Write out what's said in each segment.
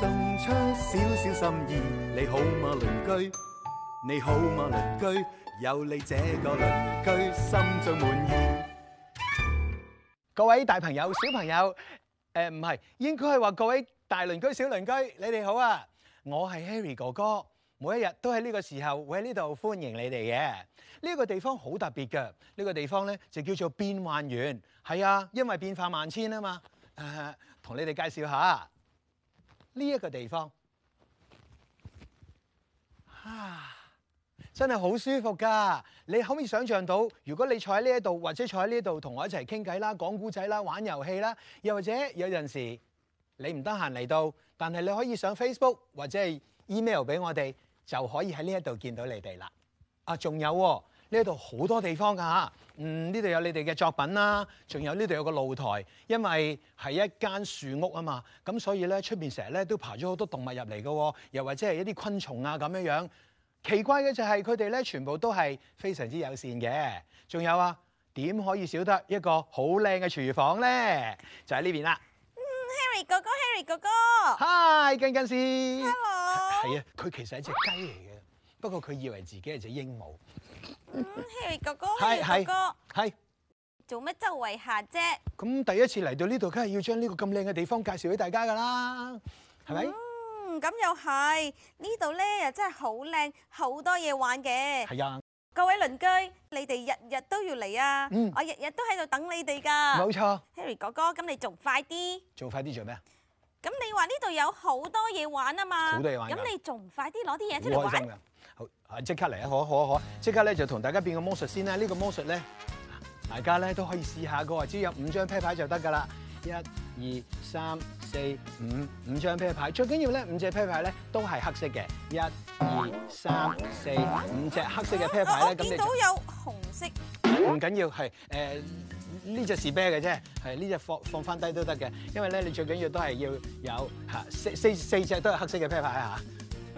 送出少少心意，你好嗎鄰居？你好嗎鄰居？有你這個鄰居，心中滿意。各位大朋友、小朋友，誒、呃，唔係，應該係話各位大鄰居、小鄰居，你哋好啊！我係 Harry 哥哥，每一日都喺呢個時候會喺呢度歡迎你哋嘅。呢、這個地方好特別嘅，呢、這個地方咧就叫做變幻園。係啊，因為變化萬千啊嘛。同、呃、你哋介紹下。呢一個地方，啊，真係好舒服㗎！你可唔可以想像到？如果你坐喺呢一度，或者坐喺呢一度同我一齊傾偈啦、講故仔啦、玩遊戲啦，又或者有陣時你唔得閒嚟到，但係你可以上 Facebook 或者係 email 俾我哋，就可以喺呢一度見到你哋啦。啊，仲有啊。呢度好多地方㗎嚇，嗯，呢度有你哋嘅作品啦，仲有呢度有個露台，因為係一間樹屋啊嘛，咁所以咧出邊成日咧都爬咗好多動物入嚟嘅，又或者係一啲昆蟲啊咁樣樣。奇怪嘅就係佢哋咧全部都係非常之友善嘅。仲有啊，點可以少得一個好靚嘅廚房咧？就喺呢邊啦。嗯，Harry 哥哥，Harry 哥哥。哥哥 Hi，跟跟師。Hello。係啊，佢其實係一隻雞嚟嘅。不過佢以為自己係隻鸚鵡。嗯，Harry 哥哥，Harry 哥哥，係做乜周圍行啫？咁第一次嚟到呢度，梗係要將呢個咁靚嘅地方介紹俾大家㗎啦，係咪？嗯，咁又係呢度咧，又真係好靚，好多嘢玩嘅。係啊，各位鄰居，你哋日日都要嚟啊！我日日都喺度等你哋㗎。冇錯，Harry 哥哥，咁你仲快啲，仲快啲做咩啊？咁你話呢度有好多嘢玩啊嘛！好多嘢玩，咁你仲快啲攞啲嘢出嚟玩！好啊！即刻嚟啊！好好好，即刻咧就同大家變個魔術先啦。呢個魔術咧，大家咧都可以試下。我話只要有五張啤牌就得噶啦。一、二、三、四、五，五張啤牌。最緊要咧，五隻啤牌咧都係黑色嘅。一、二、三、四、五隻黑色嘅啤牌咧。我見到有紅色。唔緊、嗯、要緊，係誒呢隻是啤嘅啫，係呢隻放放翻低都得嘅。因為咧你最緊要都係要有吓、啊、四四四隻都係黑色嘅啤牌吓。啊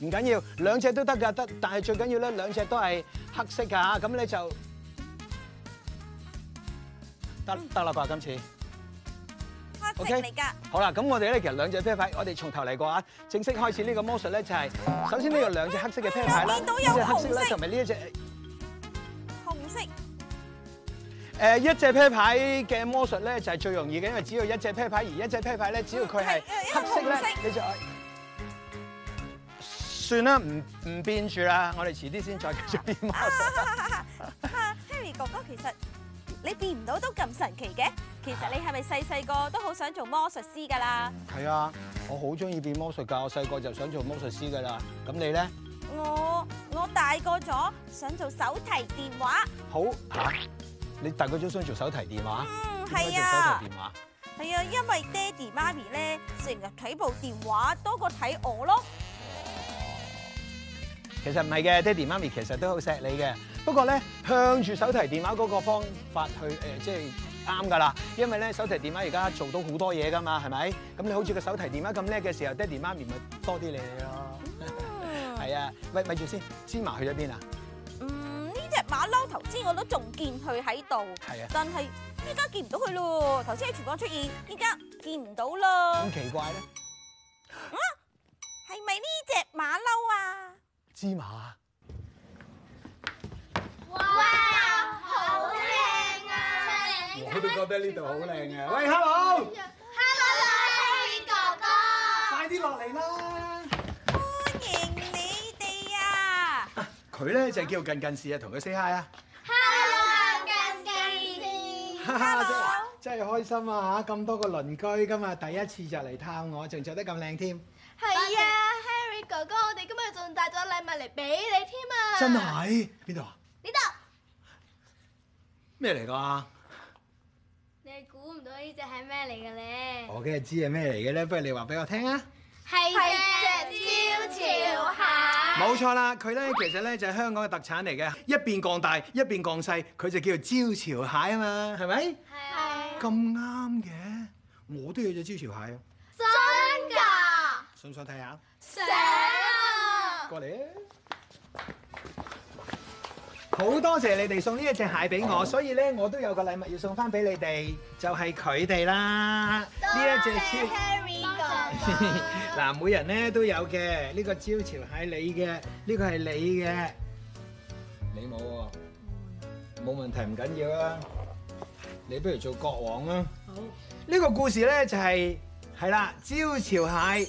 唔緊要，兩隻都得噶，得，但係最緊要咧，兩隻都係黑色噶，咁咧就得得啦。今次，黑色嚟㗎。好啦，咁我哋咧其實兩隻啤牌，我哋從頭嚟過啊，正式開始呢個魔術咧就係，首先都有兩隻黑色嘅啤牌啦，一隻黑色咧同埋呢一隻紅色。誒，一隻啤牌嘅魔術咧就係最容易嘅，因為只要一隻啤牌，而一隻啤牌咧只要佢係黑色咧，你就。算啦，唔唔變住啦，我哋遲啲先再繼續變魔術。Harry 哥哥，其實你變唔到都咁神奇嘅，其實你係咪細細個都好想做魔術師噶啦？係啊，我好中意變魔術噶，我細個就想做魔術師噶啦。咁你咧？我我大個咗想做手提電話。好吓，你大個咗想做手提電話？嗯，係啊。做手提電話。係啊，因為爹哋媽咪咧成日睇部電話多過睇我咯。其實唔係嘅，爹哋媽咪其實都好錫你嘅。不過咧，向住手提電話嗰個方法去誒，即係啱噶啦。因為咧，手提電話而家做到好多嘢噶嘛，係咪？咁你好似個手提電話咁叻嘅時候，爹哋媽咪咪多啲你咯。係啊，喂咪住先，芝麻去咗邊啊？嗯，呢隻馬騮頭先我都仲見佢喺度，係啊，但係依家見唔到佢咯。頭先喺廚房出現，依家見唔到咯。咁奇怪咧？啊，係咪呢隻馬騮啊？芝麻啊！哇，好靚啊！我都覺得呢度好靚啊！喂，Hello！Hello，李哥哥！快啲落嚟啦！歡迎你哋啊！佢咧就叫做近近視啊，同佢 say hi 啊！Hello，近近視！哈哈，真係開心啊！嚇，咁多個鄰居今日第一次就嚟探我，仲著得咁靚添。嚟俾你添啊，啊！真係邊度啊？呢度咩嚟㗎？你估唔到呢隻係咩嚟嘅咧？我梗係知係咩嚟嘅咧，不如你話俾我聽啊！係啊，隻招潮蟹。冇錯啦，佢咧其實咧就係香港嘅特產嚟嘅，一邊降大一邊降細，佢就叫做招潮蟹啊嘛，係咪？係、啊。咁啱嘅，我都有隻招潮蟹啊！真㗎的。想唔想睇下？想！過嚟咧，好多謝你哋送呢一隻蟹俾我，所以咧我都有個禮物要送翻俾你哋，就係佢哋啦。多謝 Harry 哥哥。嗱，每人咧都有嘅呢個招潮蟹，你嘅呢個係你嘅，你冇喎，冇問題，唔緊要啦。你不如做國王啦。好，呢個故事咧就係係啦，招潮蟹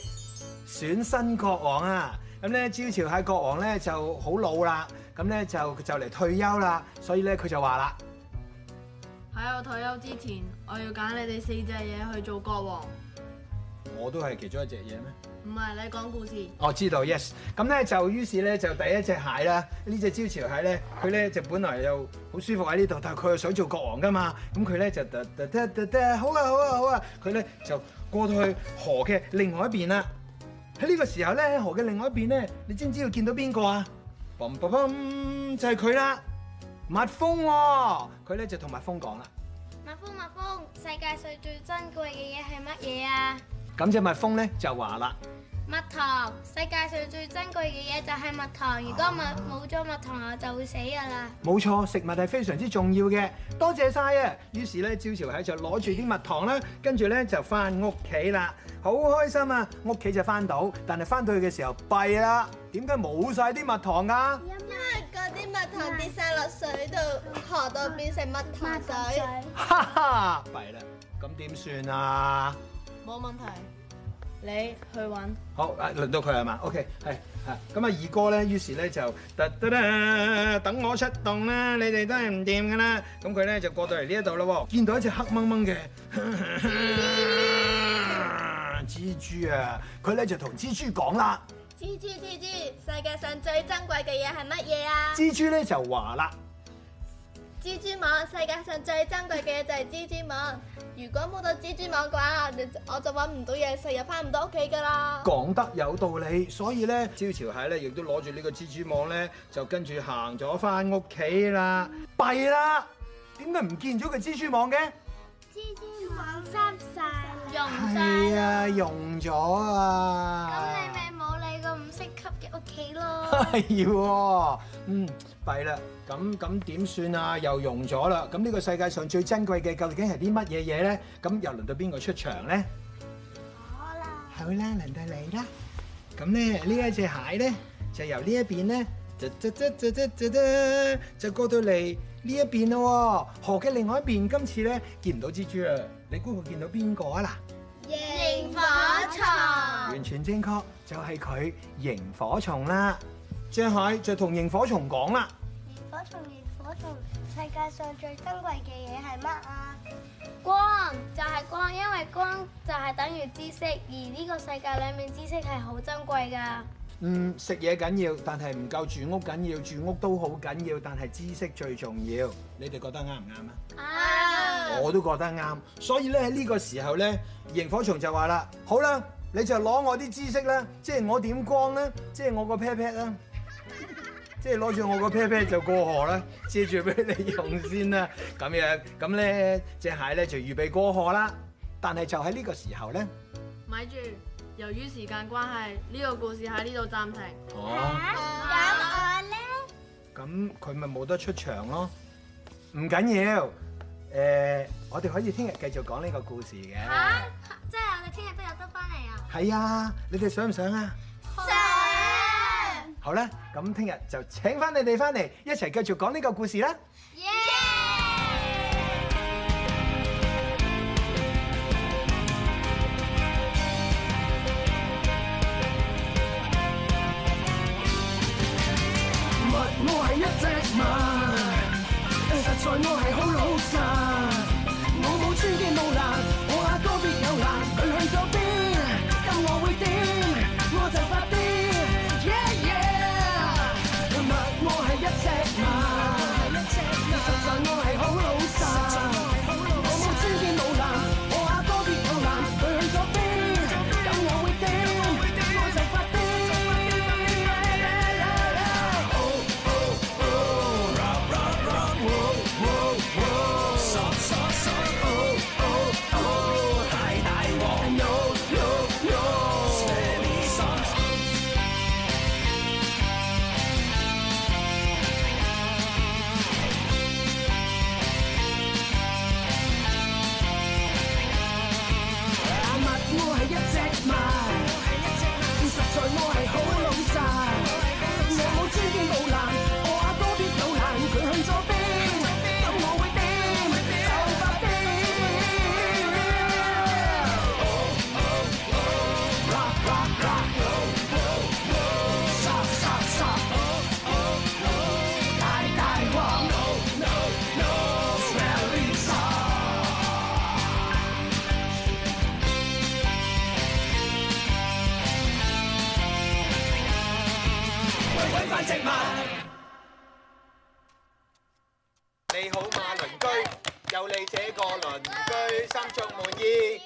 選新國王啊！咁咧，招潮蟹國王咧就好老啦，咁咧就就嚟退休啦，所以咧佢就話啦：喺我退休之前，我要揀你哋四隻嘢去做國王。我都係其中一隻嘢咩？唔係，你講故事。我、oh，知道，yes。咁咧就於是咧就第一隻蟹啦，呢隻招潮蟹咧，佢咧就本來又好舒服喺呢度，但係佢又想做國王噶嘛，咁佢咧就得得得得」，好啊好啊好啊，佢咧、啊啊、就過到去河嘅另外一邊啦。喺呢個時候咧，喺河嘅另外一邊咧，你知唔知要見到邊個啊？砰砰砰，就係佢啦！蜜蜂喎，佢咧就同蜜蜂講啦：蜜蜂，蜜蜂，世界上最珍貴嘅嘢係乜嘢啊？咁隻蜜蜂咧就話啦。蜜糖，世界上最珍貴嘅嘢就係蜜糖。如果冇冇咗蜜糖，我就會死噶啦。冇錯，食物係非常之重要嘅。多謝晒啊！於是咧，朝朝喺度攞住啲蜜糖啦，跟住咧就翻屋企啦，好開心啊！屋企就翻到，但係翻到去嘅時候弊啦，點解冇晒啲蜜糖啊？因為嗰啲蜜糖跌晒落水度，河度變成蜜糖水。水哈哈，弊啦，咁點算啊？冇問題。你去揾好，啊輪到佢係嘛？OK，係，吓，咁啊二哥咧，於是咧就，等我出動啦，你哋都係唔掂噶啦，咁佢咧就過到嚟呢一度咯，見到一隻黑掹掹嘅蜘蛛啊，佢咧就同蜘蛛講啦：蜘蛛，蜘蛛，蜘蛛，世界上最珍貴嘅嘢係乜嘢啊？蜘蛛咧就話啦：蜘蛛網，世界上最珍貴嘅嘢就係蜘蛛網。如果冇到蜘蛛網嘅話，我就揾唔到嘢食，又翻唔到屋企噶啦。講得有道理，所以咧，朝朝蟹咧亦都攞住呢個蜘蛛網咧，就跟住行咗翻屋企啦。弊啦，點解唔見咗個蜘蛛網嘅？蜘蛛網濕晒，溶曬。係啊，溶咗啊。你即級嘅屋企咯，係喎、哎，嗯，弊啦，咁咁點算啊？又溶咗啦，咁呢個世界上最珍貴嘅究竟係啲乜嘢嘢咧？咁又輪到邊個出場咧？我啦，好啦，好啦，輪到你啦。咁咧呢一隻蟹咧，就由一邊呢一邊咧，就就過到嚟，呢一邊咯。河嘅另外一邊，今次咧見唔到蜘蛛啦，你估佢見到邊個啊啦？螢火蟲，完全正確，就係佢螢火蟲啦。張海就同螢火蟲講啦。螢火蟲，螢火蟲，世界上最珍貴嘅嘢係乜啊？光就係光，因為光就係等於知識，而呢個世界裏面知識係好珍貴噶。嗯，食嘢緊要，但係唔夠住屋緊要，住屋都好緊要，但係知識最重要。你哋覺得啱唔啱啊？啱。我都覺得啱，所以咧喺呢個時候咧，螢火蟲就話啦：好啦，你就攞我啲知識咧，即係我點光咧，即係我個 pat pat 啦， 即係攞住我個 pat pat 就過河啦，借住俾你用先啦，咁樣咁咧，隻蟹咧就預備過河啦。但係就喺呢個時候咧，咪住，由於時間關係，呢個故事喺呢度暫停。哦、啊，咁佢咪冇得出場咯，唔緊要。誒，我哋可以聽日繼續講呢個故事嘅。嚇、啊，即係我哋聽日都有得翻嚟啊！係啊，你哋想唔想啊？想。好啦吧，咁聽日就請翻你哋翻嚟，一齊繼續講呢個故事啦。Yeah. 你好，嘛鄰居，有你這個鄰居，心中滿意。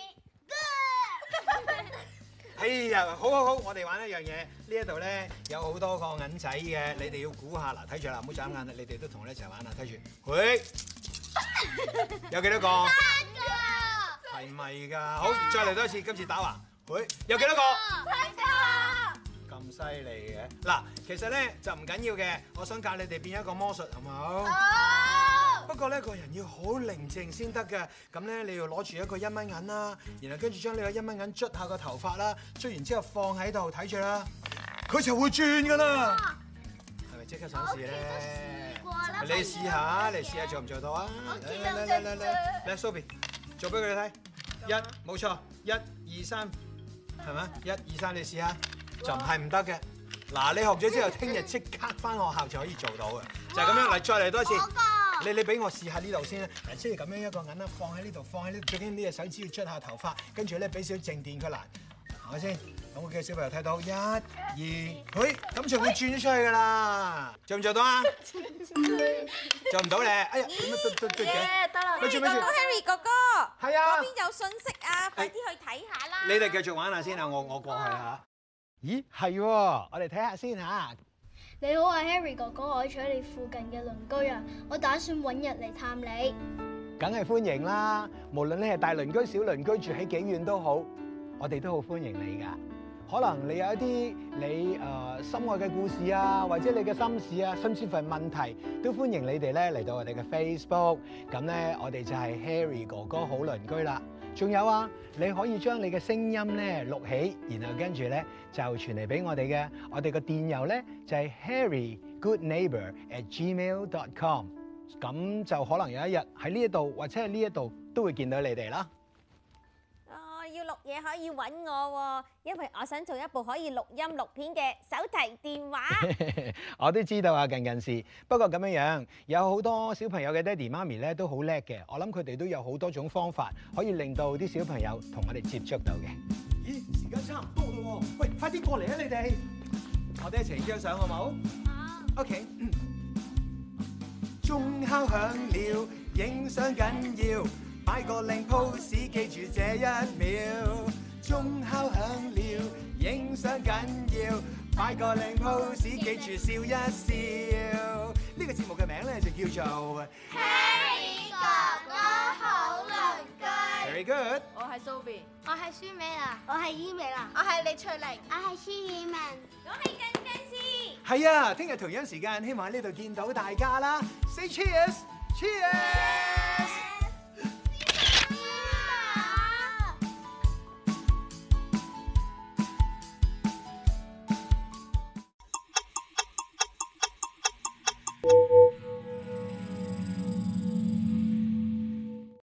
哎呀，好好好，我哋玩一樣嘢，呢一度咧有好多個銀仔嘅，你哋要估下啦，睇住啦，唔好眨眼啦，你哋都同我一齊玩啦，睇住，誒，有幾多個？三個。係咪噶？好，再嚟多一次，今次打橫。誒，有幾多個？八個。咁犀利嘅，嗱，其實咧就唔緊要嘅，我想教你哋變一個魔術，好唔好？好。不過咧，個人要好寧靜先得嘅。咁咧，你要攞住一個一蚊銀啦，然後跟住將呢個一蚊銀捽下個頭髮啦，捽完之後放喺度睇住啦，佢就會轉噶啦。係咪即刻想試咧？試過你試下，你試下，你試下做唔做到啊？嚟嚟嚟嚟嚟嚟，Sobi，做俾佢哋睇。嗎一冇錯，一二三，係咪？一二三，你試下，就唔係唔得嘅。嗱，你學咗之後，聽日即刻返學校就可以做到嘅，哇就咁樣嚟，再嚟多一次。你你俾我試下呢度先啦，嗱，即係咁樣一個銀啦，放喺呢度，放喺呢度。佢啲呢隻手指要捽下頭髮，跟住咧俾少靜電佢攔，係先？咁我叫小朋友睇到一、二，嘿、哎，咁就會轉咗出去㗎啦，哎、做唔做到啊？做唔到咧，哎呀，得啦、欸，你哋揼到 Harry 哥哥？係啊，嗰邊有信息啊，哎、快啲去睇下啦。你哋繼續玩下先啊，我我過去嚇。啊、咦，係喎、啊，我哋睇下先嚇。你好啊，Harry 哥哥，我係住喺你附近嘅鄰居啊，我打算揾日嚟探你，梗係歡迎啦。無論你係大鄰居、小鄰居，住喺幾遠都好，我哋都好歡迎你噶。可能你有一啲你誒，心愛嘅故事啊，或者你嘅心事啊，甚至乎問題，都歡迎你哋咧嚟到我哋嘅 Facebook。咁咧，我哋就係 Harry 哥哥好鄰居啦。仲有啊，你可以將你嘅聲音咧錄起，然後跟住咧就傳嚟俾我哋嘅。我哋個電郵咧就係、是、HarryGoodNeighbor@gmail.com，咁就可能有一日喺呢一度或者喺呢一度都會見到你哋啦。嘢可以揾我喎，因為我想做一部可以錄音錄片嘅手提電話。我都知道啊，近近事。不過咁樣樣，有好多小朋友嘅爹哋媽咪咧都好叻嘅。我諗佢哋都有好多種方法，可以令到啲小朋友同我哋接觸到嘅。咦，時間差唔多啦喎，喂，快啲過嚟啊你哋，我哋一齊影張相好唔好？好。OK。鐘敲響了，影相緊要。擺個靚 pose，記住這一秒。鐘敲響了，影相緊要。擺個靚 pose，記住笑一笑。呢個節目嘅名咧就叫做《Harry 哥哥好鄰居》。Very good。我係 Sophie。我係舒美啦。我係伊美啦。我係李翠玲。我係舒爾文。我係鄧嘉斯。係啊，聽日同樣時間，希望喺呢度見到大家啦。Say cheers，cheers。